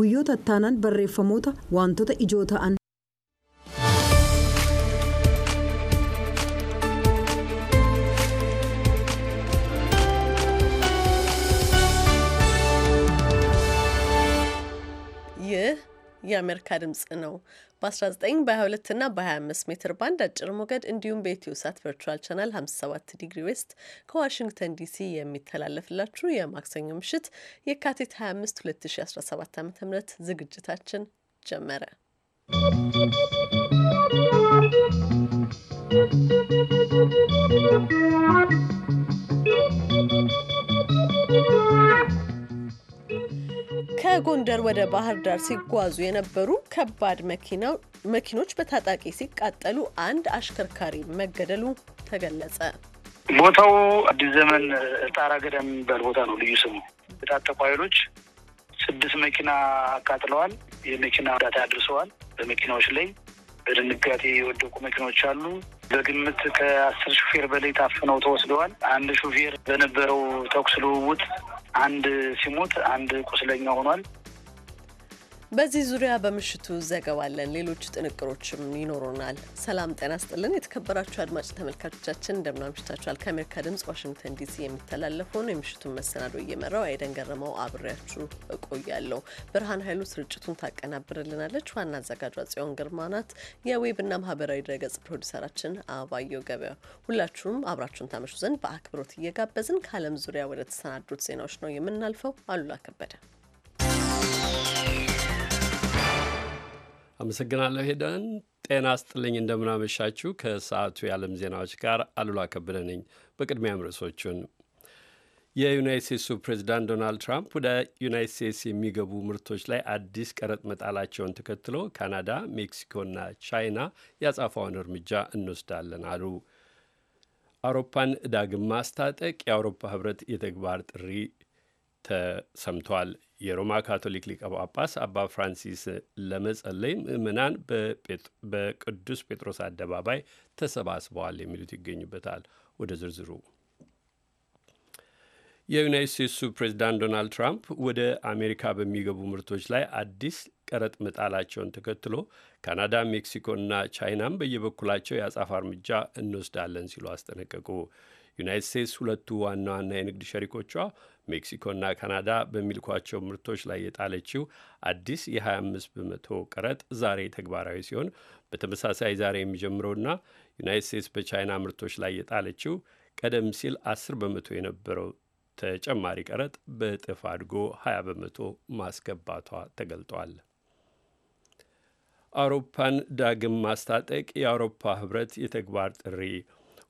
guyyoota itti barreeffamoota wantoota ijoo ta'an የአሜሪካ ድምጽ ነው። በ19 በ22 እና በ25 ሜትር ባንድ አጭር ሞገድ እንዲሁም በኢትዮ ሳት ቨርቹዋል ቻናል 57 ዲግሪ ዌስት ከዋሽንግተን ዲሲ የሚተላለፍላችሁ የማክሰኞ ምሽት የካቲት 25 2017 ዓ ም ዝግጅታችን ጀመረ። ¶¶ ከጎንደር ወደ ባህር ዳር ሲጓዙ የነበሩ ከባድ መኪኖች በታጣቂ ሲቃጠሉ አንድ አሽከርካሪ መገደሉ ተገለጸ። ቦታው አዲስ ዘመን ጣራ ገዳ የሚባል ቦታ ነው። ልዩ ስሙ የታጠቁ ኃይሎች ስድስት መኪና አቃጥለዋል። የመኪና ጉዳት አድርሰዋል። በመኪናዎች ላይ በድንጋጤ የወደቁ መኪናዎች አሉ። በግምት ከአስር ሹፌር በላይ ታፍነው ተወስደዋል። አንድ ሹፌር በነበረው ተኩስ ልውውጥ አንድ ሲሞት አንድ ቁስለኛ ሆኗል። በዚህ ዙሪያ በምሽቱ ዘገባለን። ሌሎች ጥንቅሮችም ይኖሩናል። ሰላም ጤና ስጥልን። የተከበራችሁ አድማጭ ተመልካቾቻችን እንደምን አምሽታችኋል። ከአሜሪካ ድምጽ ዋሽንግተን ዲሲ የሚተላለፈውን የምሽቱን መሰናዶ እየመራው አይደን ገረመው አብሬያችሁ እቆያለሁ። ብርሃን ኃይሉ ስርጭቱን ታቀናብርልናለች። ዋና አዘጋጇ ጽዮን ግርማ ናት። የዌብና ማህበራዊ ድረገጽ ፕሮዲሰራችን አባየው ገበያ። ሁላችሁም አብራችሁን ታመሹ ዘንድ በአክብሮት እየጋበዝን ከአለም ዙሪያ ወደ ተሰናዱት ዜናዎች ነው የምናልፈው። አሉላ ከበደ አመሰግናለሁ ሄደን። ጤና ስጥልኝ፣ እንደምናመሻችሁ። ከሰዓቱ የዓለም ዜናዎች ጋር አሉላ ከበደ ነኝ። በቅድሚያም ርዕሶቹን የዩናይት ስቴትሱ ፕሬዚዳንት ዶናልድ ትራምፕ ወደ ዩናይት ስቴትስ የሚገቡ ምርቶች ላይ አዲስ ቀረጥ መጣላቸውን ተከትሎ ካናዳ፣ ሜክሲኮና ቻይና ያጻፈውን እርምጃ እንወስዳለን አሉ። አውሮፓን ዳግም ማስታጠቅ የአውሮፓ ህብረት የተግባር ጥሪ ተሰምቷል። የሮማ ካቶሊክ ሊቀ ጳጳስ አባ ፍራንሲስ ለመጸለይ ምእመናን በቅዱስ ጴጥሮስ አደባባይ ተሰባስበዋል የሚሉት ይገኙበታል። ወደ ዝርዝሩ የዩናይት ስቴትሱ ፕሬዚዳንት ዶናልድ ትራምፕ ወደ አሜሪካ በሚገቡ ምርቶች ላይ አዲስ ቀረጥ መጣላቸውን ተከትሎ ካናዳ፣ ሜክሲኮና ቻይናም በየበኩላቸው የአጻፋ እርምጃ እንወስዳለን ሲሉ አስጠነቀቁ። ዩናይት ስቴትስ ሁለቱ ዋና ዋና የንግድ ሸሪኮቿ ሜክሲኮና ካናዳ በሚልኳቸው ምርቶች ላይ የጣለችው አዲስ የ25 በመቶ ቀረጥ ዛሬ ተግባራዊ ሲሆን በተመሳሳይ ዛሬ የሚጀምረውና ዩናይት ስቴትስ በቻይና ምርቶች ላይ የጣለችው ቀደም ሲል 10 በመቶ የነበረው ተጨማሪ ቀረጥ በእጥፍ አድጎ 20 በመቶ ማስገባቷ ተገልጧል። አውሮፓን ዳግም ማስታጠቅ የአውሮፓ ህብረት የተግባር ጥሪ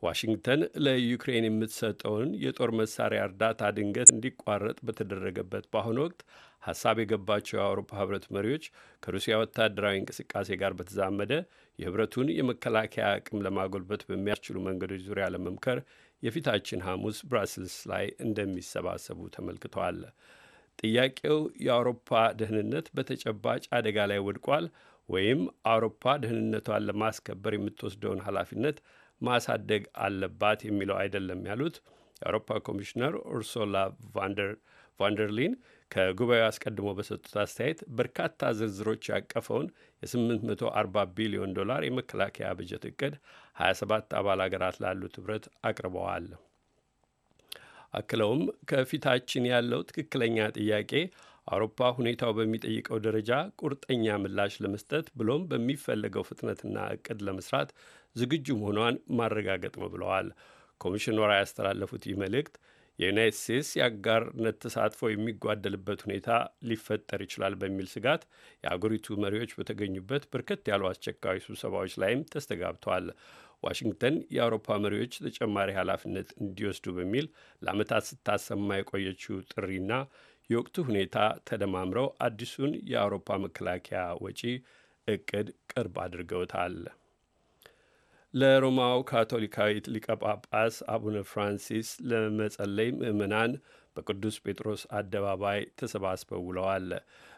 ዋሽንግተን ለዩክሬን የምትሰጠውን የጦር መሳሪያ እርዳታ ድንገት እንዲቋረጥ በተደረገበት በአሁኑ ወቅት ሀሳብ የገባቸው የአውሮፓ ህብረት መሪዎች ከሩሲያ ወታደራዊ እንቅስቃሴ ጋር በተዛመደ የህብረቱን የመከላከያ አቅም ለማጎልበት በሚያስችሉ መንገዶች ዙሪያ ለመምከር የፊታችን ሐሙስ ብራስልስ ላይ እንደሚሰባሰቡ ተመልክተዋል። ጥያቄው የአውሮፓ ደህንነት በተጨባጭ አደጋ ላይ ወድቋል ወይም አውሮፓ ደህንነቷን ለማስከበር የምትወስደውን ኃላፊነት ማሳደግ አለባት የሚለው አይደለም ያሉት የአውሮፓ ኮሚሽነር ኡርሱላ ቫንደርሊን ከጉባኤው አስቀድሞ በሰጡት አስተያየት በርካታ ዝርዝሮች ያቀፈውን የ840 ቢሊዮን ዶላር የመከላከያ በጀት እቅድ 27 አባል አገራት ላሉት ህብረት አቅርበዋል። አክለውም ከፊታችን ያለው ትክክለኛ ጥያቄ አውሮፓ ሁኔታው በሚጠይቀው ደረጃ ቁርጠኛ ምላሽ ለመስጠት ብሎም በሚፈለገው ፍጥነትና እቅድ ለመስራት ዝግጁ መሆኗን ማረጋገጥ ነው ብለዋል። ኮሚሽነሯ ያስተላለፉት ይህ መልእክት የዩናይትድ ስቴትስ የአጋርነት ተሳትፎ የሚጓደልበት ሁኔታ ሊፈጠር ይችላል በሚል ስጋት የአገሪቱ መሪዎች በተገኙበት በርከት ያሉ አስቸኳይ ስብሰባዎች ላይም ተስተጋብተዋል። ዋሽንግተን የአውሮፓ መሪዎች ተጨማሪ ኃላፊነት እንዲወስዱ በሚል ለዓመታት ስታሰማ የቆየችው ጥሪና የወቅቱ ሁኔታ ተደማምረው አዲሱን የአውሮፓ መከላከያ ወጪ እቅድ ቅርብ አድርገውታል። ለሮማው ካቶሊካዊት ሊቀ ጳጳስ አቡነ ፍራንሲስ ለመጸለይ ምእመናን በቅዱስ ጴጥሮስ አደባባይ ተሰባስበው ውለዋል።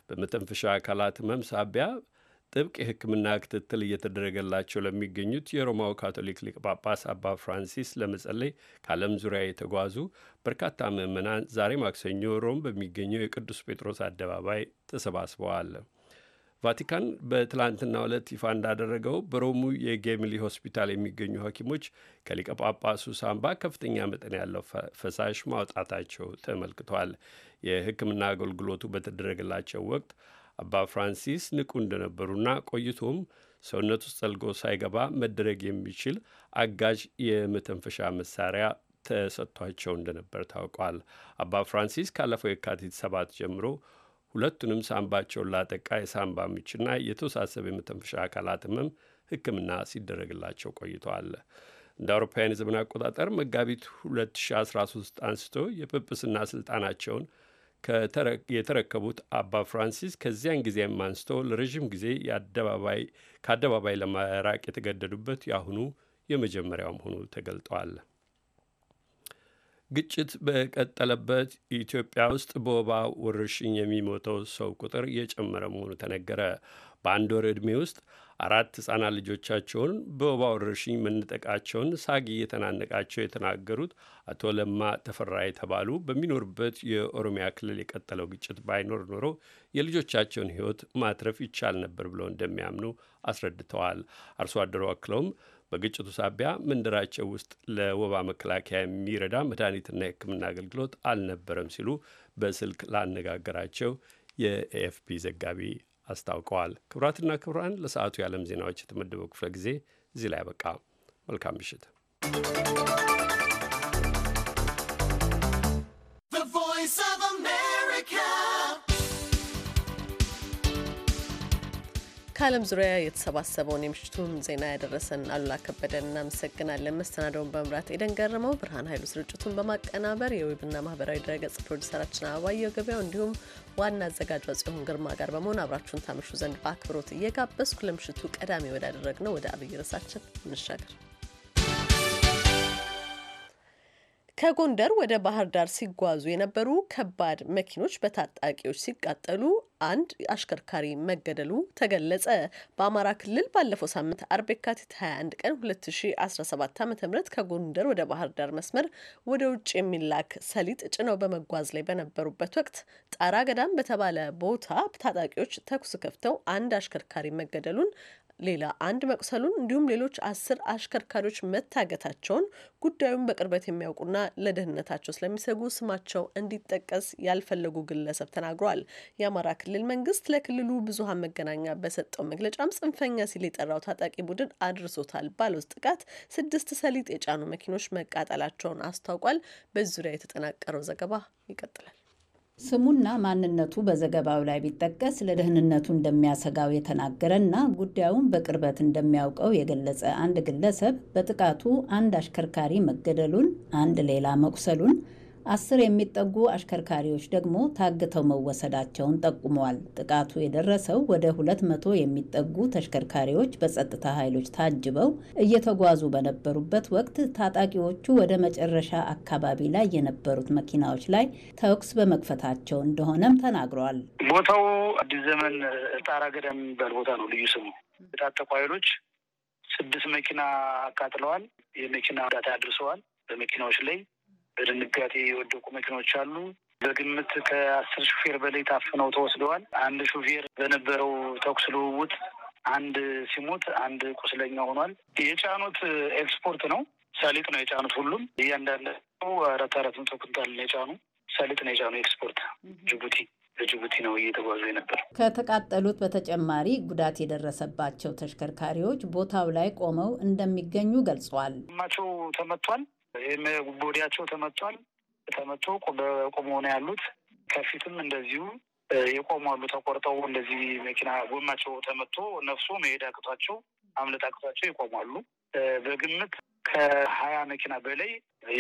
በመተንፈሻ አካላት ህመም ሳቢያ ጥብቅ የሕክምና ክትትል እየተደረገላቸው ለሚገኙት የሮማው ካቶሊክ ሊቀ ጳጳስ አባ ፍራንሲስ ለመጸለይ ከዓለም ዙሪያ የተጓዙ በርካታ ምዕመናን ዛሬ ማክሰኞ ሮም በሚገኘው የቅዱስ ጴጥሮስ አደባባይ ተሰባስበዋል። ቫቲካን በትላንትና ዕለት ይፋ እንዳደረገው በሮሙ የጌምሊ ሆስፒታል የሚገኙ ሐኪሞች ከሊቀ ጳጳሱ ሳምባ ከፍተኛ መጠን ያለው ፈሳሽ ማውጣታቸው ተመልክቷል። የሕክምና አገልግሎቱ በተደረገላቸው ወቅት አባ ፍራንሲስ ንቁ እንደነበሩና ቆይቶም ሰውነት ውስጥ ጠልጎ ሳይገባ መደረግ የሚችል አጋዥ የመተንፈሻ መሳሪያ ተሰጥቷቸው እንደነበር ታውቋል። አባ ፍራንሲስ ካለፈው የካቲት ሰባት ጀምሮ ሁለቱንም ሳንባቸውን ላጠቃ የሳንባ ምችና የተወሳሰበ የመተንፈሻ አካላት ህመም ሕክምና ሲደረግላቸው ቆይተዋል። እንደ አውሮፓውያን የዘመን አቆጣጠር መጋቢት 2013 አንስቶ የጵጵስና ስልጣናቸውን የተረከቡት አባ ፍራንሲስ ከዚያን ጊዜም አንስቶ ለረዥም ጊዜ ከአደባባይ ለማራቅ የተገደዱበት የአሁኑ የመጀመሪያው መሆኑ ተገልጠዋል። ግጭት በቀጠለበት ኢትዮጵያ ውስጥ በወባ ወረርሽኝ የሚሞተው ሰው ቁጥር የጨመረ መሆኑ ተነገረ። በአንድ ወር ዕድሜ ውስጥ አራት ህጻናት ልጆቻቸውን በወባ ወረርሽኝ መነጠቃቸውን ሳግ እየተናነቃቸው የተናገሩት አቶ ለማ ተፈራ የተባሉ በሚኖሩበት የኦሮሚያ ክልል የቀጠለው ግጭት ባይኖር ኖሮ የልጆቻቸውን ህይወት ማትረፍ ይቻል ነበር ብለው እንደሚያምኑ አስረድተዋል። አርሶ አደሩ አክለውም በግጭቱ ሳቢያ መንደራቸው ውስጥ ለወባ መከላከያ የሚረዳ መድኃኒትና የሕክምና አገልግሎት አልነበረም ሲሉ በስልክ ላነጋገራቸው የኤኤፍፒ ዘጋቢ አስታውቀዋል። ክቡራትና ክቡራን ለሰዓቱ የዓለም ዜናዎች የተመደበው ክፍለ ጊዜ እዚህ ላይ ያበቃ። መልካም ምሽት። ከዓለም ዙሪያ የተሰባሰበውን የምሽቱን ዜና ያደረሰን አሉላ ከበደ እናመሰግናለን። መሰናደውን በመምራት ኤደን ገረመው፣ ብርሃን ኃይሉ ስርጭቱን በማቀናበር የዌብና ማህበራዊ ድረገጽ ፕሮዲሰራችን አበባየሁ ገበያው እንዲሁም ዋና አዘጋጅ ጽዮን ግርማ ጋር በመሆን አብራችሁን ታመሹ ዘንድ በአክብሮት እየጋበዝኩ ለምሽቱ ቀዳሚ ነው ወደ አብይ ርዕሳችን እንሻገር። ከጎንደር ወደ ባህር ዳር ሲጓዙ የነበሩ ከባድ መኪኖች በታጣቂዎች ሲቃጠሉ አንድ አሽከርካሪ መገደሉ ተገለጸ። በአማራ ክልል ባለፈው ሳምንት አርብ የካቲት 21 ቀን 2017 ዓ ም ከጎንደር ወደ ባህር ዳር መስመር ወደ ውጭ የሚላክ ሰሊጥ ጭነው በመጓዝ ላይ በነበሩበት ወቅት ጣራ ገዳም በተባለ ቦታ ታጣቂዎች ተኩስ ከፍተው አንድ አሽከርካሪ መገደሉን ሌላ አንድ መቁሰሉን እንዲሁም ሌሎች አስር አሽከርካሪዎች መታገታቸውን ጉዳዩን በቅርበት የሚያውቁና ለደህንነታቸው ስለሚሰጉ ስማቸው እንዲጠቀስ ያልፈለጉ ግለሰብ ተናግረዋል። የአማራ ክልል መንግስት ለክልሉ ብዙሃን መገናኛ በሰጠው መግለጫም ጽንፈኛ ሲል የጠራው ታጣቂ ቡድን አድርሶታል ባለው ጥቃት ስድስት ሰሊጥ የጫኑ መኪኖች መቃጠላቸውን አስታውቋል። በዙሪያ የተጠናቀረው ዘገባ ይቀጥላል። ስሙና ማንነቱ በዘገባው ላይ ቢጠቀስ ለደህንነቱ እንደሚያሰጋው የተናገረና ጉዳዩን በቅርበት እንደሚያውቀው የገለጸ አንድ ግለሰብ በጥቃቱ አንድ አሽከርካሪ መገደሉን፣ አንድ ሌላ መቁሰሉን አስር የሚጠጉ አሽከርካሪዎች ደግሞ ታግተው መወሰዳቸውን ጠቁመዋል። ጥቃቱ የደረሰው ወደ ሁለት መቶ የሚጠጉ ተሽከርካሪዎች በጸጥታ ኃይሎች ታጅበው እየተጓዙ በነበሩበት ወቅት ታጣቂዎቹ ወደ መጨረሻ አካባቢ ላይ የነበሩት መኪናዎች ላይ ተኩስ በመክፈታቸው እንደሆነም ተናግረዋል። ቦታው አዲስ ዘመን ጣራ ገዳ የሚባል ቦታ ነው። ልዩ ስሙ የታጠቁ ኃይሎች ስድስት መኪና አቃጥለዋል። የመኪና ዳታ አድርሰዋል በመኪናዎች ላይ በድንጋጤ የወደቁ መኪኖች አሉ። በግምት ከአስር ሹፌር በላይ ታፍነው ተወስደዋል። አንድ ሹፌር በነበረው ተኩስ ልውውጥ አንድ ሲሞት፣ አንድ ቁስለኛ ሆኗል። የጫኑት ኤክስፖርት ነው፣ ሰሊጥ ነው የጫኑት። ሁሉም እያንዳንዳቸው አራት አራት መቶ ኩንታል የጫኑ ሰሊጥ ነው የጫኑ ኤክስፖርት ጅቡቲ በጅቡቲ ነው እየተጓዙ የነበር። ከተቃጠሉት በተጨማሪ ጉዳት የደረሰባቸው ተሽከርካሪዎች ቦታው ላይ ቆመው እንደሚገኙ ገልጿል። ማቸው ተመቷል። ይህም ጉቦዲያቸው ተመቷል። ተመቶ በቆሞ ነው ያሉት። ከፊትም እንደዚሁ የቆሙ አሉ። ተቆርጠው እንደዚህ መኪና ጎማቸው ተመቶ ነፍሶ መሄድ አቅቷቸው አምለጥ አቅቷቸው ይቆሟሉ። በግምት ከሀያ መኪና በላይ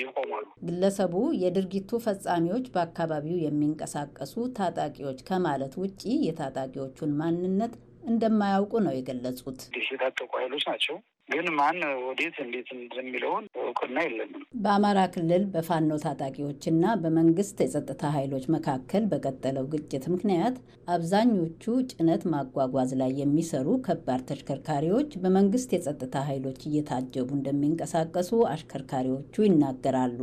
ይቆሟሉ። ግለሰቡ የድርጊቱ ፈጻሚዎች በአካባቢው የሚንቀሳቀሱ ታጣቂዎች ከማለት ውጪ የታጣቂዎቹን ማንነት እንደማያውቁ ነው የገለጹት። የታጠቁ ኃይሎች ናቸው ግን ማን ወዴት እንዴት የሚለውን እውቅና የለንም። በአማራ ክልል በፋኖ ታጣቂዎችና በመንግስት የጸጥታ ኃይሎች መካከል በቀጠለው ግጭት ምክንያት አብዛኞቹ ጭነት ማጓጓዝ ላይ የሚሰሩ ከባድ ተሽከርካሪዎች በመንግስት የጸጥታ ኃይሎች እየታጀቡ እንደሚንቀሳቀሱ አሽከርካሪዎቹ ይናገራሉ።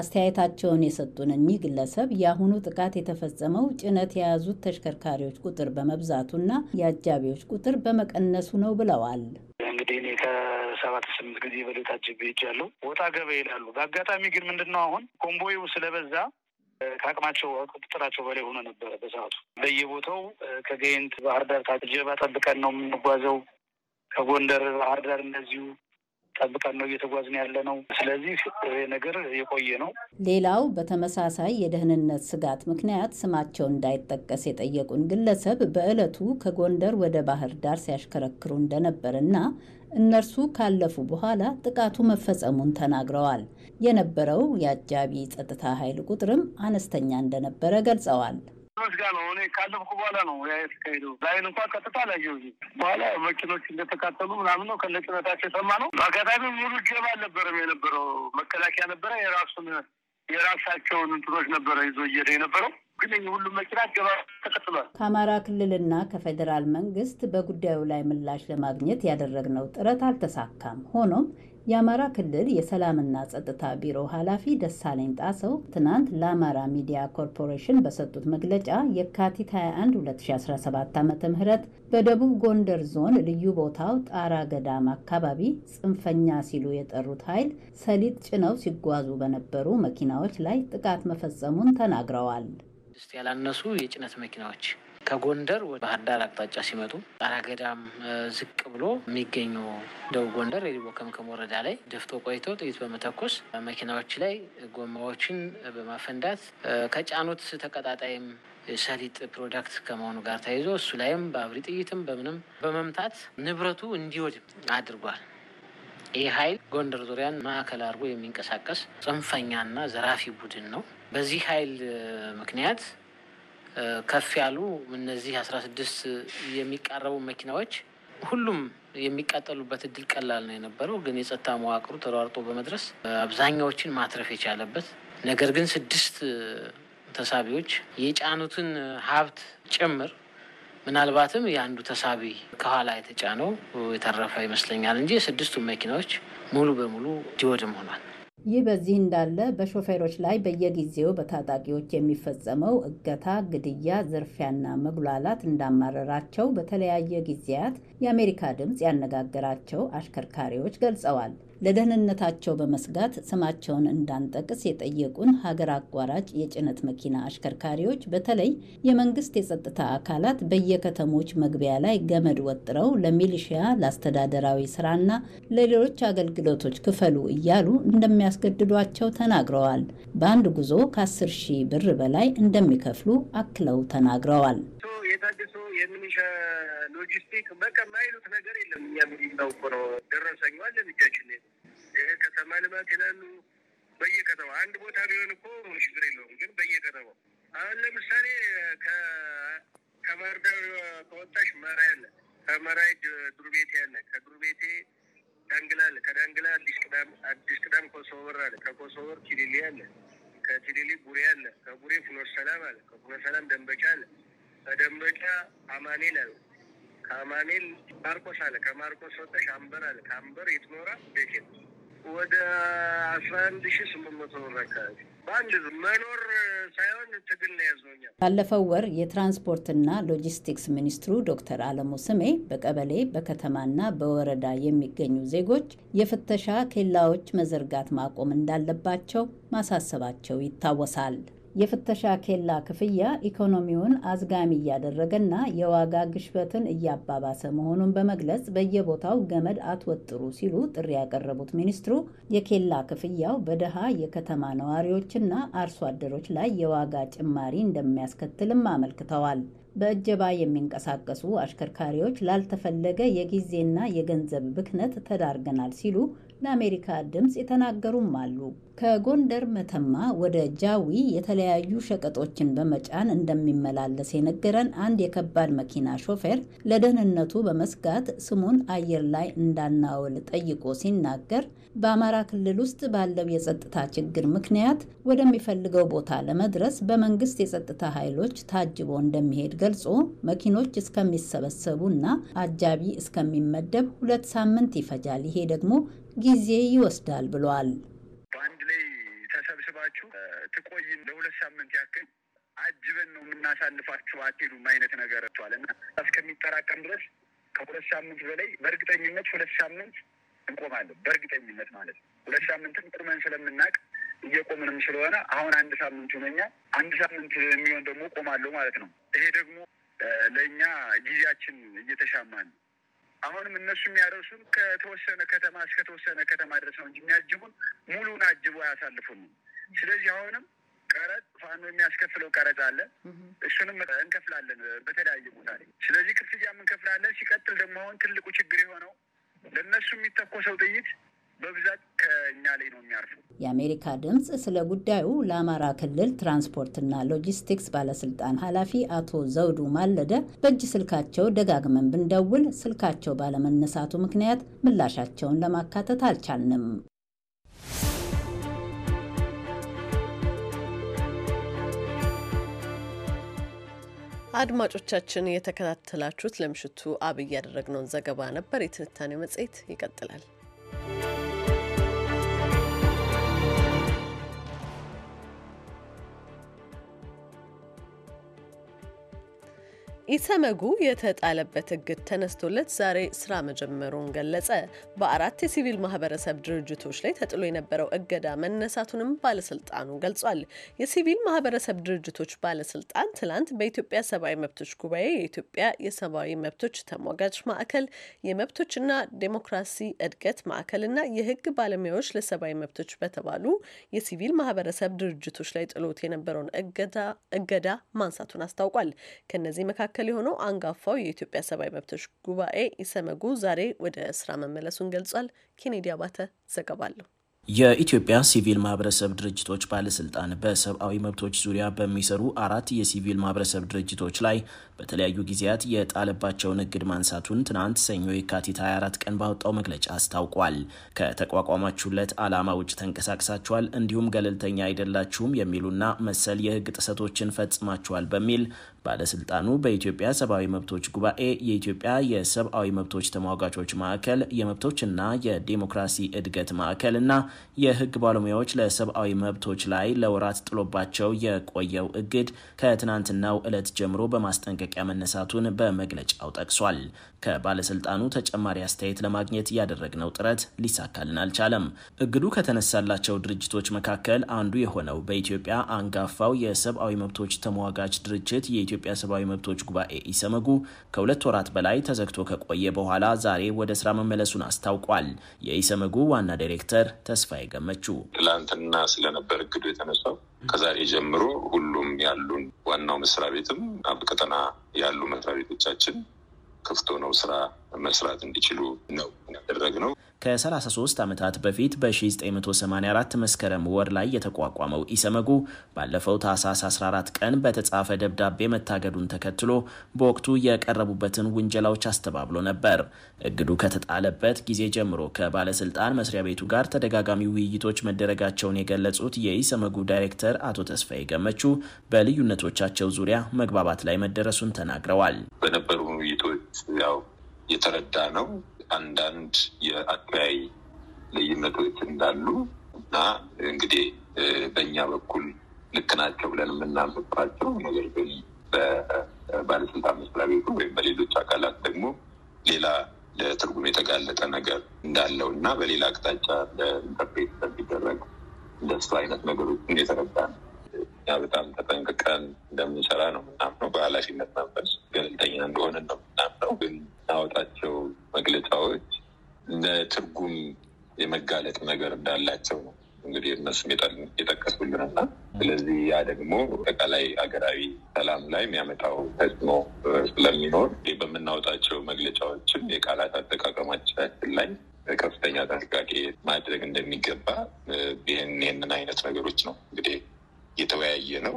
አስተያየታቸውን የሰጡን እኚህ ግለሰብ የአሁኑ ጥቃት የተፈጸመው ጭነት የያዙት ተሽከርካሪዎች ቁጥር በመብዛቱና የአጃቢዎች ቁጥር በመቀነሱ ነው ብለዋል። እንግዲህ እኔ ከሰባት ስምንት ጊዜ በላይ ታጅቤ ሄጃለሁ። ወጣ ገባ ይላሉ። በአጋጣሚ ግን ምንድን ነው አሁን ኮምቦዩ ስለበዛ ከአቅማቸው ቁጥጥራቸው በላይ ሆነ ነበረ። በሰዓቱ በየቦታው ከጋይንት ባህር ዳር ጠብቀን ነው የምንጓዘው። ከጎንደር ባህር ዳር እንደዚሁ ጠብቀን ነው እየተጓዝን ያለ ነው። ስለዚህ ነገር የቆየ ነው። ሌላው በተመሳሳይ የደህንነት ስጋት ምክንያት ስማቸው እንዳይጠቀስ የጠየቁን ግለሰብ በዕለቱ ከጎንደር ወደ ባህር ዳር ሲያሽከረክሩ እና እነርሱ ካለፉ በኋላ ጥቃቱ መፈጸሙን ተናግረዋል። የነበረው የአጃቢ ጸጥታ ኃይል ቁጥርም አነስተኛ እንደነበረ ገልጸዋል። ሰዎች ጋር ነው። እኔ ካለፍኩ በኋላ ነው ያ የተካሄደው። ላይን እንኳን ቀጥታ ላየ በኋላ መኪኖች እንደተካተሉ ምናምን ነው ከነ ጭነታቸው የሰማ ነው። አጋጣሚ ሙሉ እጀባ አልነበረም የነበረው መከላከያ ነበረ። የራሱን የራሳቸውን እንትኖች ነበረ ይዞ እየሄደ የነበረው ግን ሁሉም መኪና ገባ ተከትሏል። ከአማራ ክልልና ከፌዴራል መንግስት በጉዳዩ ላይ ምላሽ ለማግኘት ያደረግነው ጥረት አልተሳካም። ሆኖም የአማራ ክልል የሰላምና ጸጥታ ቢሮ ኃላፊ ደሳለኝ ጣሰው ትናንት ለአማራ ሚዲያ ኮርፖሬሽን በሰጡት መግለጫ የካቲት 21 2017 ዓ ም በደቡብ ጎንደር ዞን ልዩ ቦታው ጣራ ገዳም አካባቢ ጽንፈኛ ሲሉ የጠሩት ኃይል ሰሊጥ ጭነው ሲጓዙ በነበሩ መኪናዎች ላይ ጥቃት መፈጸሙን ተናግረዋል። ያላነሱ የጭነት መኪናዎች ከጎንደር ወደ ባህር ዳር አቅጣጫ ሲመጡ ጣራገዳም ዝቅ ብሎ የሚገኘው ደቡብ ጎንደር የሊቦ ከምከም ወረዳ ላይ ደፍቶ ቆይቶ ጥይት በመተኮስ መኪናዎች ላይ ጎማዎችን በማፈንዳት ከጫኑት ተቀጣጣይም ሰሊጥ ፕሮዳክት ከመሆኑ ጋር ተያይዞ እሱ ላይም በአብሪ ጥይትም በምንም በመምታት ንብረቱ እንዲወድም አድርጓል። ይህ ኃይል ጎንደር ዙሪያን ማዕከል አድርጎ የሚንቀሳቀስ ጽንፈኛና ዘራፊ ቡድን ነው። በዚህ ኃይል ምክንያት ከፍ ያሉ እነዚህ አስራ ስድስት የሚቃረቡ መኪናዎች ሁሉም የሚቃጠሉበት እድል ቀላል ነው የነበረው። ግን የጸጥታ መዋቅሩ ተሯርጦ በመድረስ አብዛኛዎችን ማትረፍ የቻለበት ነገር ግን ስድስት ተሳቢዎች የጫኑትን ሀብት ጭምር ምናልባትም የአንዱ ተሳቢ ከኋላ የተጫነው የተረፈ ይመስለኛል እንጂ የስድስቱ መኪናዎች ሙሉ በሙሉ ዲወድም ሆኗል። ይህ በዚህ እንዳለ በሾፌሮች ላይ በየጊዜው በታጣቂዎች የሚፈጸመው እገታ፣ ግድያ፣ ዝርፊያና መጉላላት እንዳማረራቸው በተለያየ ጊዜያት የአሜሪካ ድምፅ ያነጋገራቸው አሽከርካሪዎች ገልጸዋል። ለደህንነታቸው በመስጋት ስማቸውን እንዳንጠቅስ የጠየቁን ሀገር አቋራጭ የጭነት መኪና አሽከርካሪዎች በተለይ የመንግስት የጸጥታ አካላት በየከተሞች መግቢያ ላይ ገመድ ወጥረው ለሚሊሺያ ለአስተዳደራዊ ስራና ለሌሎች አገልግሎቶች ክፈሉ እያሉ እንደሚያስገድዷቸው ተናግረዋል። በአንድ ጉዞ ከ10 ሺህ ብር በላይ እንደሚከፍሉ አክለው ተናግረዋል። የታድሶ የሚሊሻ ሎጂስቲክ በቃ ማይሉት ነገር የለም። እኛ ምንድነው ነው ደረሰኛዋል ለሚጃችን ከተማ ልማት ይላሉ። በየከተማ አንድ ቦታ ቢሆን እኮ ችግር የለውም። ግን በየከተማው አሁን ለምሳሌ ከባህርዳር ከወጣሽ መራ ያለ ከመራ ዱር ቤቴ ያለ ከዱር ቤቴ ዳንግላ አለ ከዳንግላ አዲስ ቅዳም አዲስ ቅዳም ኮሶ አለ ከኮሶ ቲሊሊ አለ ከቲሊሊ ቡሬ አለ ከቡሬ ፍኖተ ሰላም አለ ከፍኖተ ሰላም ደንበጫ አለ ከደንበጫ አማኔል አለ ከአማኔል ማርቆስ አለ ከማርቆስ ወጣሽ አንበር አለ ከአንበር የትኖራ ቤቴ ወደ አስራ አንድ ሺ ስምንት መቶ ብር አካባቢ በአንድ መኖር ሳይሆን ትግል ነው ያዝኛል። ባለፈው ወር የትራንስፖርትና ሎጂስቲክስ ሚኒስትሩ ዶክተር አለሙ ስሜ በቀበሌ በከተማና በወረዳ የሚገኙ ዜጎች የፍተሻ ኬላዎች መዘርጋት ማቆም እንዳለባቸው ማሳሰባቸው ይታወሳል። የፍተሻ ኬላ ክፍያ ኢኮኖሚውን አዝጋሚ እያደረገና የዋጋ ግሽበትን እያባባሰ መሆኑን በመግለጽ በየቦታው ገመድ አትወጥሩ ሲሉ ጥሪ ያቀረቡት ሚኒስትሩ የኬላ ክፍያው በድሃ የከተማ ነዋሪዎችና አርሶ አደሮች ላይ የዋጋ ጭማሪ እንደሚያስከትልም አመልክተዋል። በእጀባ የሚንቀሳቀሱ አሽከርካሪዎች ላልተፈለገ የጊዜና የገንዘብ ብክነት ተዳርገናል ሲሉ ለአሜሪካ ድምፅ የተናገሩም አሉ። ከጎንደር መተማ ወደ ጃዊ የተለያዩ ሸቀጦችን በመጫን እንደሚመላለስ የነገረን አንድ የከባድ መኪና ሾፌር ለደህንነቱ በመስጋት ስሙን አየር ላይ እንዳናውል ጠይቆ ሲናገር በአማራ ክልል ውስጥ ባለው የጸጥታ ችግር ምክንያት ወደሚፈልገው ቦታ ለመድረስ በመንግስት የጸጥታ ኃይሎች ታጅቦ እንደሚሄድ ገልጾ መኪኖች እስከሚሰበሰቡና አጃቢ እስከሚመደብ ሁለት ሳምንት ይፈጃል። ይሄ ደግሞ ጊዜ ይወስዳል ብሏል። በአንድ ላይ ተሰብስባችሁ ትቆይ ለሁለት ሳምንት ያክል አጅበን ነው የምናሳልፋችሁ አትሄዱም አይነት ነገር ቸዋል እና እስከሚጠራቀም ድረስ ከሁለት ሳምንት በላይ በእርግጠኝነት ሁለት ሳምንት እንቆማለን። በእርግጠኝነት ማለት ነው። ሁለት ሳምንትን ቁመን ስለምናቅ እየቆምንም ስለሆነ አሁን አንድ ሳምንት ይሆነኛል። አንድ ሳምንት የሚሆን ደግሞ ቆማለሁ ማለት ነው። ይሄ ደግሞ ለእኛ ጊዜያችን እየተሻማ ነው። አሁንም እነሱ የሚያደርሱን ከተወሰነ ከተማ እስከ ተወሰነ ከተማ ድረስ ነው እንጂ የሚያጅቡን ሙሉን አጅቡ አያሳልፉም። ስለዚህ አሁንም ቀረጥ ፋኖ የሚያስከፍለው ቀረጥ አለ። እሱንም እንከፍላለን በተለያየ ቦታ ላይ። ስለዚህ ክፍያም እንከፍላለን። ሲቀጥል ደግሞ አሁን ትልቁ ችግር የሆነው ለእነሱ የሚተኮሰው ጥይት በብዛት ከእኛ ላይ ነው የሚያርፉ። የአሜሪካ ድምፅ ስለ ጉዳዩ ለአማራ ክልል ትራንስፖርትና ሎጂስቲክስ ባለስልጣን ኃላፊ አቶ ዘውዱ ማለደ በእጅ ስልካቸው ደጋግመን ብንደውል ስልካቸው ባለመነሳቱ ምክንያት ምላሻቸውን ለማካተት አልቻልንም። አድማጮቻችን የተከታተላችሁት ለምሽቱ አብይ ያደረግነውን ዘገባ ነበር። የትንታኔ መጽሔት ይቀጥላል። ኢሰመጉ የተጣለበት እግድ ተነስቶለት ዛሬ ስራ መጀመሩን ገለጸ። በአራት የሲቪል ማህበረሰብ ድርጅቶች ላይ ተጥሎ የነበረው እገዳ መነሳቱንም ባለስልጣኑ ገልጿል። የሲቪል ማህበረሰብ ድርጅቶች ባለስልጣን ትላንት በኢትዮጵያ ሰብአዊ መብቶች ጉባኤ የኢትዮጵያ የሰብአዊ መብቶች ተሟጋጅ ማዕከል፣ የመብቶችና ዴሞክራሲ እድገት ማዕከልና የህግ ባለሙያዎች ለሰብአዊ መብቶች በተባሉ የሲቪል ማህበረሰብ ድርጅቶች ላይ ጥሎት የነበረውን እገዳ ማንሳቱን አስታውቋል። ከነዚህ መካከል መካከል የሆነው አንጋፋው የኢትዮጵያ ሰብአዊ መብቶች ጉባኤ ኢሰመጉ ዛሬ ወደ ስራ መመለሱን ገልጿል። ኬኔዲ አባተ ዘገባ የኢትዮጵያ ሲቪል ማህበረሰብ ድርጅቶች ባለስልጣን በሰብአዊ መብቶች ዙሪያ በሚሰሩ አራት የሲቪል ማህበረሰብ ድርጅቶች ላይ በተለያዩ ጊዜያት የጣለባቸውን እግድ ማንሳቱን ትናንት ሰኞ የካቲት 24 ቀን ባወጣው መግለጫ አስታውቋል። ከተቋቋማችሁለት ዓላማ ውጭ ተንቀሳቅሳችኋል፣ እንዲሁም ገለልተኛ አይደላችሁም የሚሉና መሰል የህግ ጥሰቶችን ፈጽማችኋል በሚል ባለስልጣኑ በኢትዮጵያ ሰብአዊ መብቶች ጉባኤ፣ የኢትዮጵያ የሰብአዊ መብቶች ተሟጋቾች ማዕከል፣ የመብቶችና የዴሞክራሲ እድገት ማዕከል እና የህግ ባለሙያዎች ለሰብአዊ መብቶች ላይ ለወራት ጥሎባቸው የቆየው እግድ ከትናንትናው ዕለት ጀምሮ በማስጠንቀቂያ መነሳቱን በመግለጫው ጠቅሷል። ከባለስልጣኑ ተጨማሪ አስተያየት ለማግኘት ያደረግነው ጥረት ሊሳካልን አልቻለም። እግዱ ከተነሳላቸው ድርጅቶች መካከል አንዱ የሆነው በኢትዮጵያ አንጋፋው የሰብአዊ መብቶች ተሟጋች ድርጅት የኢትዮጵያ ሰብአዊ መብቶች ጉባኤ ኢሰመጉ ከሁለት ወራት በላይ ተዘግቶ ከቆየ በኋላ ዛሬ ወደ ስራ መመለሱን አስታውቋል። የኢሰመጉ ዋና ዳይሬክተር ተስፋ ተስፋዬ ገመቹ ትላንትና ስለነበር እግዱ የተነሳው ከዛሬ ጀምሮ ሁሉም ያሉን ዋናው መስሪያ ቤትም በቀጠና ያሉ መስሪያ ቤቶቻችን ክፍቶ ነው ስራ መስራት እንዲችሉ ነው ያደረግነው። ከ33 ዓመታት በፊት በ1984 መስከረም ወር ላይ የተቋቋመው ኢሰመጉ ባለፈው ታህሳስ 14 ቀን በተጻፈ ደብዳቤ መታገዱን ተከትሎ በወቅቱ የቀረቡበትን ውንጀላዎች አስተባብሎ ነበር። እግዱ ከተጣለበት ጊዜ ጀምሮ ከባለስልጣን መስሪያ ቤቱ ጋር ተደጋጋሚ ውይይቶች መደረጋቸውን የገለጹት የኢሰመጉ ዳይሬክተር አቶ ተስፋዬ ገመቹ በልዩነቶቻቸው ዙሪያ መግባባት ላይ መደረሱን ተናግረዋል። በነበሩ ውይይቶች ያው የተረዳ ነው አንዳንድ የአተያይ ልዩነቶች እንዳሉ እና እንግዲህ በእኛ በኩል ልክ ናቸው ብለን የምናምባቸው ነገር ግን በባለስልጣን መስሪያ ቤቱ ወይም በሌሎች አካላት ደግሞ ሌላ ለትርጉም የተጋለጠ ነገር እንዳለው እና በሌላ አቅጣጫ ለኢንተርፕሬት በሚደረግ እንደሱ አይነት ነገሮች እንደተረዳ ነው። እኛ በጣም ተጠንቅቀን እንደምንሰራ ነው የምናምነው። በኃላፊነት መንፈስ ገለልተኛ እንደሆነ ነው የምናምነው። ግን የምናወጣቸው መግለጫዎች ለትርጉም የመጋለጥ ነገር እንዳላቸው ነው እንግዲህ እነሱም የጠቀሱልንና ስለዚህ ያ ደግሞ አጠቃላይ ሀገራዊ ሰላም ላይ የሚያመጣው ተጽዕኖ ስለሚኖር በምናወጣቸው መግለጫዎችም የቃላት አጠቃቀማችን ላይ ከፍተኛ ጥንቃቄ ማድረግ እንደሚገባ ይህንን አይነት ነገሮች ነው እንግዲህ የተወያየ ነው፣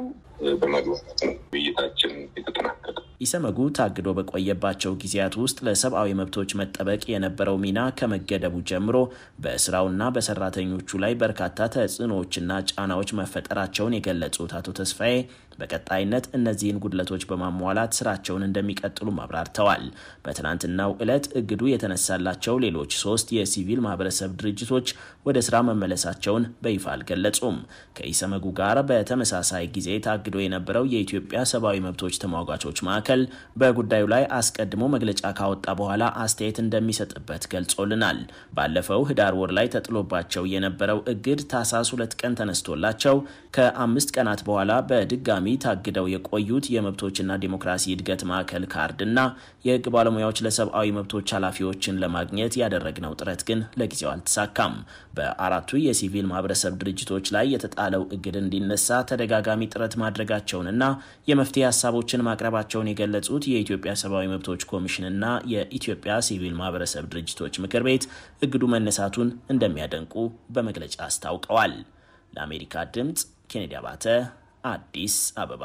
በመግባባት ነው ውይይታችን የተጠናቀቀ። ኢሰመጉ ታግዶ በቆየባቸው ጊዜያት ውስጥ ለሰብአዊ መብቶች መጠበቅ የነበረው ሚና ከመገደቡ ጀምሮ በስራውና በሰራተኞቹ ላይ በርካታ ተጽዕኖዎችና ጫናዎች መፈጠራቸውን የገለጹት አቶ ተስፋዬ በቀጣይነት እነዚህን ጉድለቶች በማሟላት ስራቸውን እንደሚቀጥሉ አብራርተዋል። በትናንትናው ዕለት እግዱ የተነሳላቸው ሌሎች ሶስት የሲቪል ማህበረሰብ ድርጅቶች ወደ ስራ መመለሳቸውን በይፋ አልገለጹም። ከኢሰመጉ ጋር በተመሳሳይ ጊዜ ታግዶ የነበረው የኢትዮጵያ ሰብአዊ መብቶች ተሟጋቾች ማዕከል በጉዳዩ ላይ አስቀድሞ መግለጫ ካወጣ በኋላ አስተያየት እንደሚሰጥበት ገልጾልናል። ባለፈው ህዳር ወር ላይ ተጥሎባቸው የነበረው እግድ ታህሳስ ሁለት ቀን ተነስቶላቸው ከአምስት ቀናት በኋላ በድጋሚ በተደጋጋሚ ታግደው የቆዩት የመብቶችና ዲሞክራሲ እድገት ማዕከል ካርድ እና የህግ ባለሙያዎች ለሰብአዊ መብቶች ኃላፊዎችን ለማግኘት ያደረግነው ጥረት ግን ለጊዜው አልተሳካም። በአራቱ የሲቪል ማህበረሰብ ድርጅቶች ላይ የተጣለው እግድ እንዲነሳ ተደጋጋሚ ጥረት ማድረጋቸውንና የመፍትሄ ሀሳቦችን ማቅረባቸውን የገለጹት የኢትዮጵያ ሰብአዊ መብቶች ኮሚሽንና የኢትዮጵያ ሲቪል ማህበረሰብ ድርጅቶች ምክር ቤት እግዱ መነሳቱን እንደሚያደንቁ በመግለጫ አስታውቀዋል። ለአሜሪካ ድምፅ ኬኔዲ አባተ አዲስ አበባ።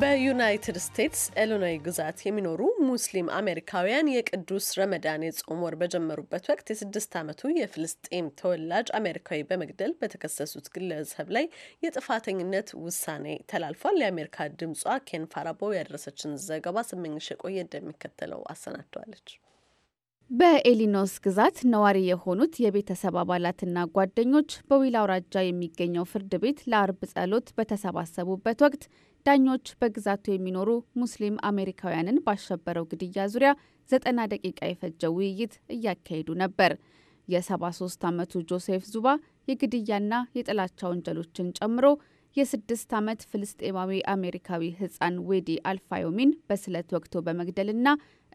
በዩናይትድ ስቴትስ ኢሊኖይ ግዛት የሚኖሩ ሙስሊም አሜሪካውያን የቅዱስ ረመዳን የጾም ወር በጀመሩበት ወቅት የስድስት ዓመቱ የፍልስጤም ተወላጅ አሜሪካዊ በመግደል በተከሰሱት ግለሰብ ላይ የጥፋተኝነት ውሳኔ ተላልፏል። የአሜሪካ ድምጿ ኬን ፋራቦ ያደረሰችን ዘገባ ስመኝሽ የቆየ እንደሚከተለው አሰናድተዋለች። በኤሊኖስ ግዛት ነዋሪ የሆኑት የቤተሰብ አባላትና ጓደኞች በዊል አውራጃ የሚገኘው ፍርድ ቤት ለአርብ ጸሎት በተሰባሰቡበት ወቅት ዳኞች በግዛቱ የሚኖሩ ሙስሊም አሜሪካውያንን ባሸበረው ግድያ ዙሪያ ዘጠና ደቂቃ የፈጀ ውይይት እያካሄዱ ነበር። የ73 ዓመቱ ጆሴፍ ዙባ የግድያና የጥላቻ ወንጀሎችን ጨምሮ የስድስት ዓመት ፍልስጤማዊ አሜሪካዊ ህፃን ዌዲ አልፋዮሚን በስለት ወግቶ በመግደልና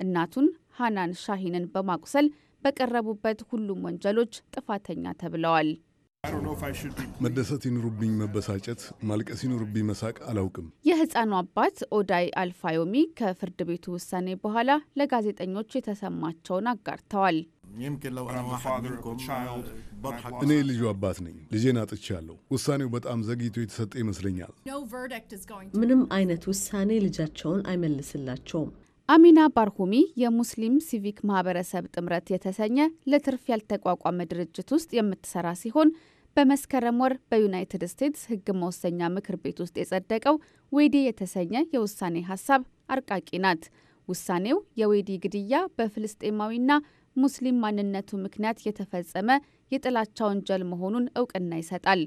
እናቱን ሃናን ሻሂንን በማቁሰል በቀረቡበት ሁሉም ወንጀሎች ጥፋተኛ ተብለዋል። መደሰት ይኑርብኝ መበሳጨት፣ ማልቀስ ይኑርብኝ መሳቅ አላውቅም። የህፃኑ አባት ኦዳይ አልፋዮሚ ከፍርድ ቤቱ ውሳኔ በኋላ ለጋዜጠኞች የተሰማቸውን አጋርተዋል። እኔ ልጁ አባት ነኝ። ልጄን አጥቻለሁ። ውሳኔው በጣም ዘግይቶ የተሰጠ ይመስለኛል። ምንም አይነት ውሳኔ ልጃቸውን አይመልስላቸውም። አሚና ባርሁሚ የሙስሊም ሲቪክ ማህበረሰብ ጥምረት የተሰኘ ለትርፍ ያልተቋቋመ ድርጅት ውስጥ የምትሰራ ሲሆን በመስከረም ወር በዩናይትድ ስቴትስ ሕግ መወሰኛ ምክር ቤት ውስጥ የጸደቀው ዌዲ የተሰኘ የውሳኔ ሀሳብ አርቃቂ ናት። ውሳኔው የዌዲ ግድያ በፍልስጤማዊና ሙስሊም ማንነቱ ምክንያት የተፈጸመ የጥላቻ ወንጀል መሆኑን እውቅና ይሰጣል።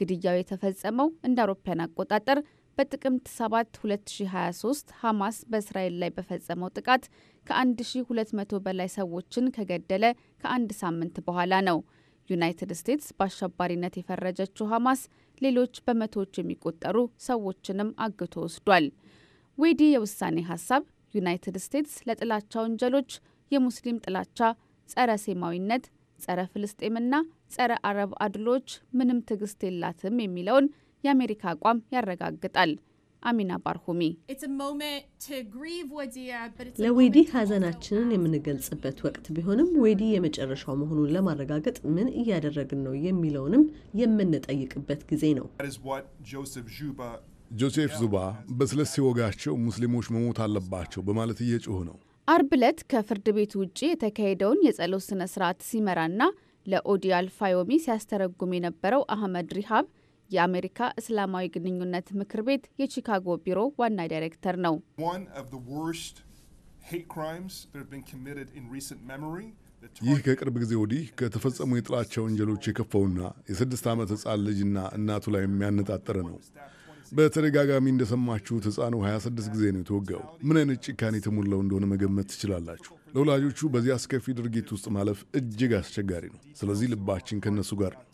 ግድያው የተፈጸመው እንደ አውሮፓውያን አቆጣጠር በጥቅምት 7 2023 ሐማስ በእስራኤል ላይ በፈጸመው ጥቃት ከ1200 በላይ ሰዎችን ከገደለ ከአንድ ሳምንት በኋላ ነው። ዩናይትድ ስቴትስ በአሸባሪነት የፈረጀችው ሐማስ ሌሎች በመቶዎች የሚቆጠሩ ሰዎችንም አግቶ ወስዷል። ዌዲ የውሳኔ ሀሳብ ዩናይትድ ስቴትስ ለጥላቻ ወንጀሎች የሙስሊም ጥላቻ፣ ጸረ ሴማዊነት፣ ጸረ ፍልስጤምና ጸረ አረብ አድሎች ምንም ትዕግስት የላትም የሚለውን የአሜሪካ አቋም ያረጋግጣል። አሚና ባርሁሚ ለዌዲ ሀዘናችንን የምንገልጽበት ወቅት ቢሆንም ዌዲ የመጨረሻው መሆኑን ለማረጋገጥ ምን እያደረግን ነው የሚለውንም የምንጠይቅበት ጊዜ ነው። ጆሴፍ ዙባ በስለሴ ወጋቸው ሙስሊሞች መሞት አለባቸው በማለት እየጮሁ ነው። አርብ ዕለት ከፍርድ ቤት ውጭ የተካሄደውን የጸሎት ስነ ስርዓት ሲመራና ለኦዲ አልፋዮሚ ሲያስተረጉም የነበረው አህመድ ሪሃብ የአሜሪካ እስላማዊ ግንኙነት ምክር ቤት የቺካጎ ቢሮ ዋና ዳይሬክተር ነው። ይህ ከቅርብ ጊዜ ወዲህ ከተፈጸሙ የጥላቻ ወንጀሎች የከፋውና የስድስት ዓመት ሕፃን ልጅና እናቱ ላይ የሚያነጣጥር ነው። በተደጋጋሚ እንደሰማችሁት ሕፃኑ 26 ጊዜ ነው የተወጋው። ምን አይነት ጭካኔ የተሞላው እንደሆነ መገመት ትችላላችሁ። ለወላጆቹ በዚህ አስከፊ ድርጊት ውስጥ ማለፍ እጅግ አስቸጋሪ ነው። ስለዚህ ልባችን ከነሱ ጋር ነው።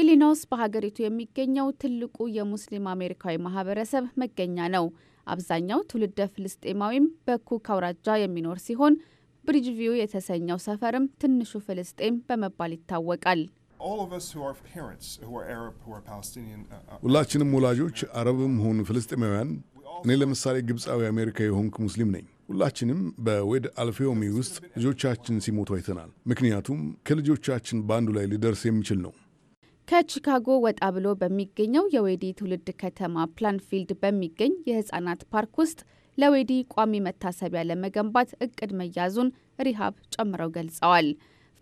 ኢሊኖስ በሀገሪቱ የሚገኘው ትልቁ የሙስሊም አሜሪካዊ ማህበረሰብ መገኛ ነው። አብዛኛው ትውልደ ፍልስጤማዊም በኩክ አውራጃ የሚኖር ሲሆን ብሪጅቪው የተሰኘው ሰፈርም ትንሹ ፍልስጤም በመባል ይታወቃል። Uh, uh, ሁላችንም ወላጆች አረብም ሆኑ ፍልስጤማውያን፣ እኔ ለምሳሌ ግብፃዊ አሜሪካ የሆንክ ሙስሊም ነኝ። ሁላችንም በዌድ አልፌዮሚ ውስጥ ልጆቻችን ሲሞቱ አይተናል። ምክንያቱም ከልጆቻችን በአንዱ ላይ ሊደርስ የሚችል ነው። ከቺካጎ ወጣ ብሎ በሚገኘው የዌዲ ትውልድ ከተማ ፕላንፊልድ በሚገኝ የህጻናት ፓርክ ውስጥ ለዌዲ ቋሚ መታሰቢያ ለመገንባት እቅድ መያዙን ሪሃብ ጨምረው ገልጸዋል።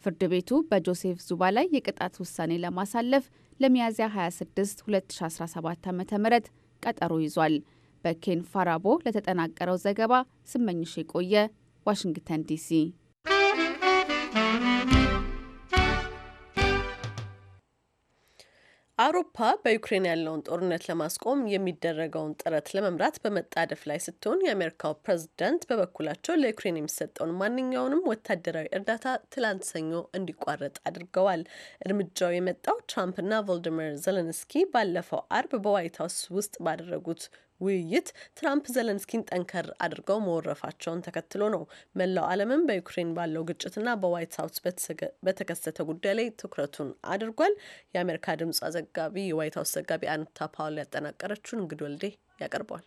ፍርድ ቤቱ በጆሴፍ ዙባ ላይ የቅጣት ውሳኔ ለማሳለፍ ለሚያዝያ 26 2017 ዓ ም ቀጠሮ ይዟል። በኬን ፋራቦ ለተጠናቀረው ዘገባ ስመኝሽ የቆየ ዋሽንግተን ዲሲ አውሮፓ በዩክሬን ያለውን ጦርነት ለማስቆም የሚደረገውን ጥረት ለመምራት በመጣደፍ ላይ ስትሆን የአሜሪካው ፕሬዝዳንት በበኩላቸው ለዩክሬን የሚሰጠውን ማንኛውንም ወታደራዊ እርዳታ ትላንት ሰኞ እንዲቋረጥ አድርገዋል። እርምጃው የመጣው ትራምፕና ቮልዲሚር ዘለንስኪ ባለፈው አርብ በዋይት ሀውስ ውስጥ ባደረጉት ውይይት ትራምፕ ዘለንስኪን ጠንከር አድርገው መወረፋቸውን ተከትሎ ነው። መላው ዓለምም በዩክሬን ባለው ግጭትና በዋይት ሀውስ በተከሰተ ጉዳይ ላይ ትኩረቱን አድርጓል። የአሜሪካ ድምጽ ዘጋቢ የዋይት ሀውስ ዘጋቢ አንታ ፓውል ያጠናቀረችውን እንግድ ወልዴ ያቀርበዋል።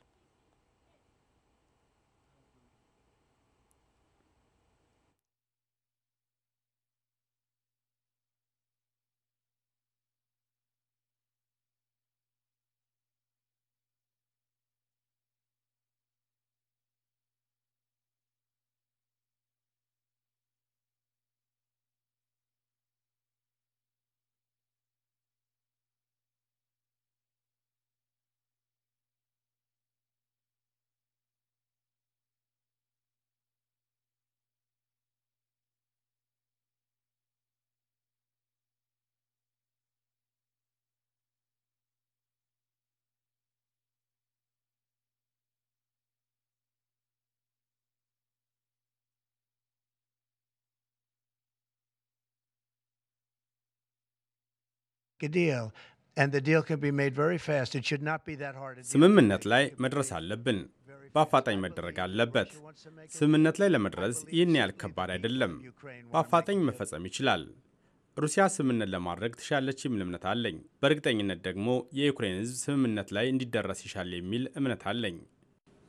ስምምነት ላይ መድረስ አለብን። በአፋጣኝ መደረግ አለበት። ስምምነት ላይ ለመድረስ ይህን ያህል ከባድ አይደለም። በአፋጣኝ መፈጸም ይችላል። ሩሲያ ስምምነት ለማድረግ ትሻለች የሚል እምነት አለኝ። በእርግጠኝነት ደግሞ የዩክሬን ሕዝብ ስምምነት ላይ እንዲደረስ ይሻል የሚል እምነት አለኝ።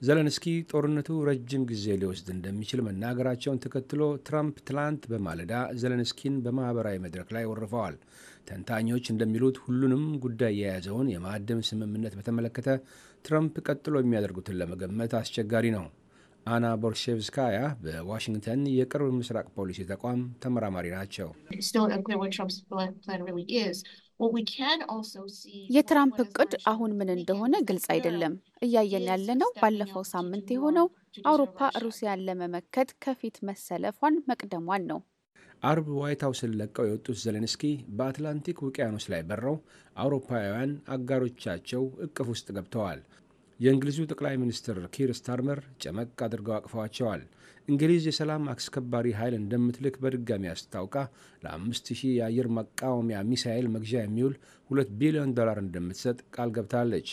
ዘለንስኪ ጦርነቱ ረጅም ጊዜ ሊወስድ እንደሚችል መናገራቸውን ተከትሎ ትራምፕ ትላንት በማለዳ ዘለንስኪን በማኅበራዊ መድረክ ላይ ወርፈዋል። ተንታኞች እንደሚሉት ሁሉንም ጉዳይ የያዘውን የማዕድን ስምምነት በተመለከተ ትራምፕ ቀጥሎ የሚያደርጉትን ለመገመት አስቸጋሪ ነው። አና ቦርሼቭስካያ በዋሽንግተን የቅርብ ምስራቅ ፖሊሲ ተቋም ተመራማሪ ናቸው። የትራምፕ እቅድ አሁን ምን እንደሆነ ግልጽ አይደለም። እያየን ያለነው ባለፈው ሳምንት የሆነው አውሮፓ ሩሲያን ለመመከት ከፊት መሰለፏን መቅደሟን ነው። አርብ ዋይት ሀውስን ለቀው የወጡት ዘሌንስኪ በአትላንቲክ ውቅያኖስ ላይ በረው አውሮፓውያን አጋሮቻቸው እቅፍ ውስጥ ገብተዋል። የእንግሊዙ ጠቅላይ ሚኒስትር ኪር ስታርመር ጨመቅ አድርገው አቅፈዋቸዋል። እንግሊዝ የሰላም አስከባሪ ኃይል እንደምትልክ በድጋሚ አስታውቃ ለአምስት ሺህ የአየር መቃወሚያ ሚሳኤል መግዣ የሚውል ሁለት ቢሊዮን ዶላር እንደምትሰጥ ቃል ገብታለች።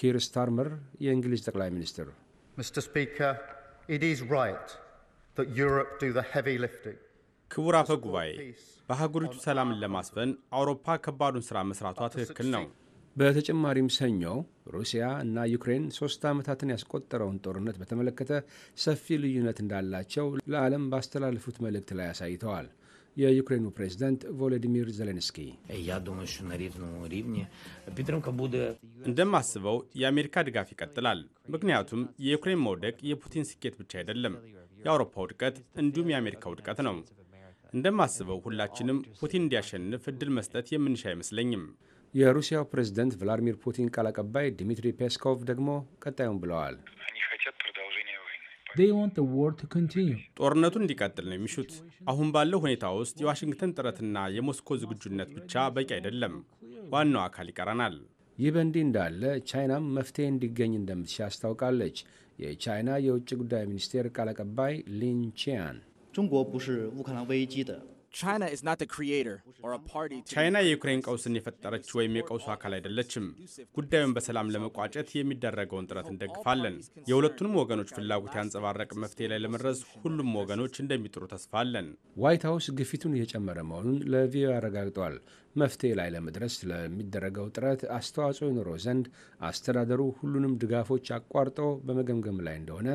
ኪር ስታርመር የእንግሊዝ ጠቅላይ ሚኒስትር ክቡር አፈ ጉባኤ፣ በአህጉሪቱ ሰላምን ለማስፈን አውሮፓ ከባዱን ሥራ መሥራቷ ትክክል ነው። በተጨማሪም ሰኞ ሩሲያ እና ዩክሬን ሶስት ዓመታትን ያስቆጠረውን ጦርነት በተመለከተ ሰፊ ልዩነት እንዳላቸው ለዓለም ባስተላለፉት መልእክት ላይ አሳይተዋል። የዩክሬኑ ፕሬዝዳንት ቮሎዲሚር ዜሌንስኪ እንደማስበው የአሜሪካ ድጋፍ ይቀጥላል። ምክንያቱም የዩክሬን መውደቅ የፑቲን ስኬት ብቻ አይደለም፣ የአውሮፓ ውድቀት እንዲሁም የአሜሪካ ውድቀት ነው። እንደማስበው ሁላችንም ፑቲን እንዲያሸንፍ እድል መስጠት የምንሻ አይመስለኝም። የሩሲያው ፕሬዝደንት ቭላዲሚር ፑቲን ቃል አቀባይ ድሚትሪ ፔስኮቭ ደግሞ ቀጣዩን ብለዋል። ጦርነቱ እንዲቀጥል ነው የሚሹት። አሁን ባለው ሁኔታ ውስጥ የዋሽንግተን ጥረትና የሞስኮ ዝግጁነት ብቻ በቂ አይደለም። ዋናው አካል ይቀረናል። ይህ በእንዲህ እንዳለ ቻይናም መፍትሄ እንዲገኝ እንደምትሻ አስታውቃለች። የቻይና የውጭ ጉዳይ ሚኒስቴር ቃል አቀባይ ሊን ቺያን 中国不是乌克兰危机的 ቻይና ኢዝ ናት ክሪኤተር ኦር አ ፓርቲ ቻይና የዩክሬን ቀውስን የፈጠረች ወይም የቀውሱ አካል አይደለችም። ጉዳዩን በሰላም ለመቋጨት የሚደረገውን ጥረት እንደግፋለን። የሁለቱንም ወገኖች ፍላጎት ያንጸባረቅ መፍትሄ ላይ ለመድረስ ሁሉም ወገኖች እንደሚጥሩ ተስፋ አለን። ዋይት ሀውስ ግፊቱን እየጨመረ መሆኑን ለቪኦኤ አረጋግጧል። መፍትሄ ላይ ለመድረስ ለሚደረገው ጥረት አስተዋጽኦ ይኖረው ዘንድ አስተዳደሩ ሁሉንም ድጋፎች አቋርጦ በመገምገም ላይ እንደሆነ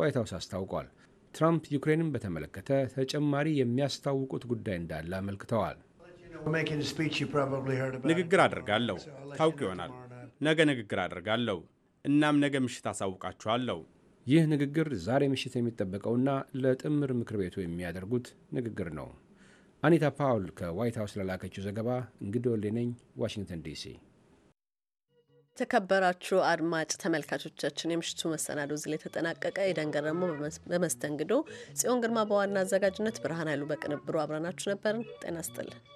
ዋይት ሀውስ አስታውቋል። ትራምፕ ዩክሬንን በተመለከተ ተጨማሪ የሚያስታውቁት ጉዳይ እንዳለ አመልክተዋል። ንግግር አድርጋለሁ። ታውቅ ይሆናል። ነገ ንግግር አድርጋለሁ። እናም ነገ ምሽት አሳውቃችኋለሁ። ይህ ንግግር ዛሬ ምሽት የሚጠበቀውና ለጥምር ምክር ቤቱ የሚያደርጉት ንግግር ነው። አኒታ ፓውል ከዋይት ሀውስ ለላከችው ዘገባ እንግዶ ሌነኝ ዋሽንግተን ዲሲ የተከበራችሁ አድማጭ ተመልካቾቻችን የምሽቱ መሰናዶ እዚህ ላይ ተጠናቀቀ። የደን በመስተንግዶ፣ ጽዮን ግርማ በዋና አዘጋጅነት፣ ብርሃን ኃይሉ በቅንብሩ አብረናችሁ ነበርን። ጤና ይስጥልን።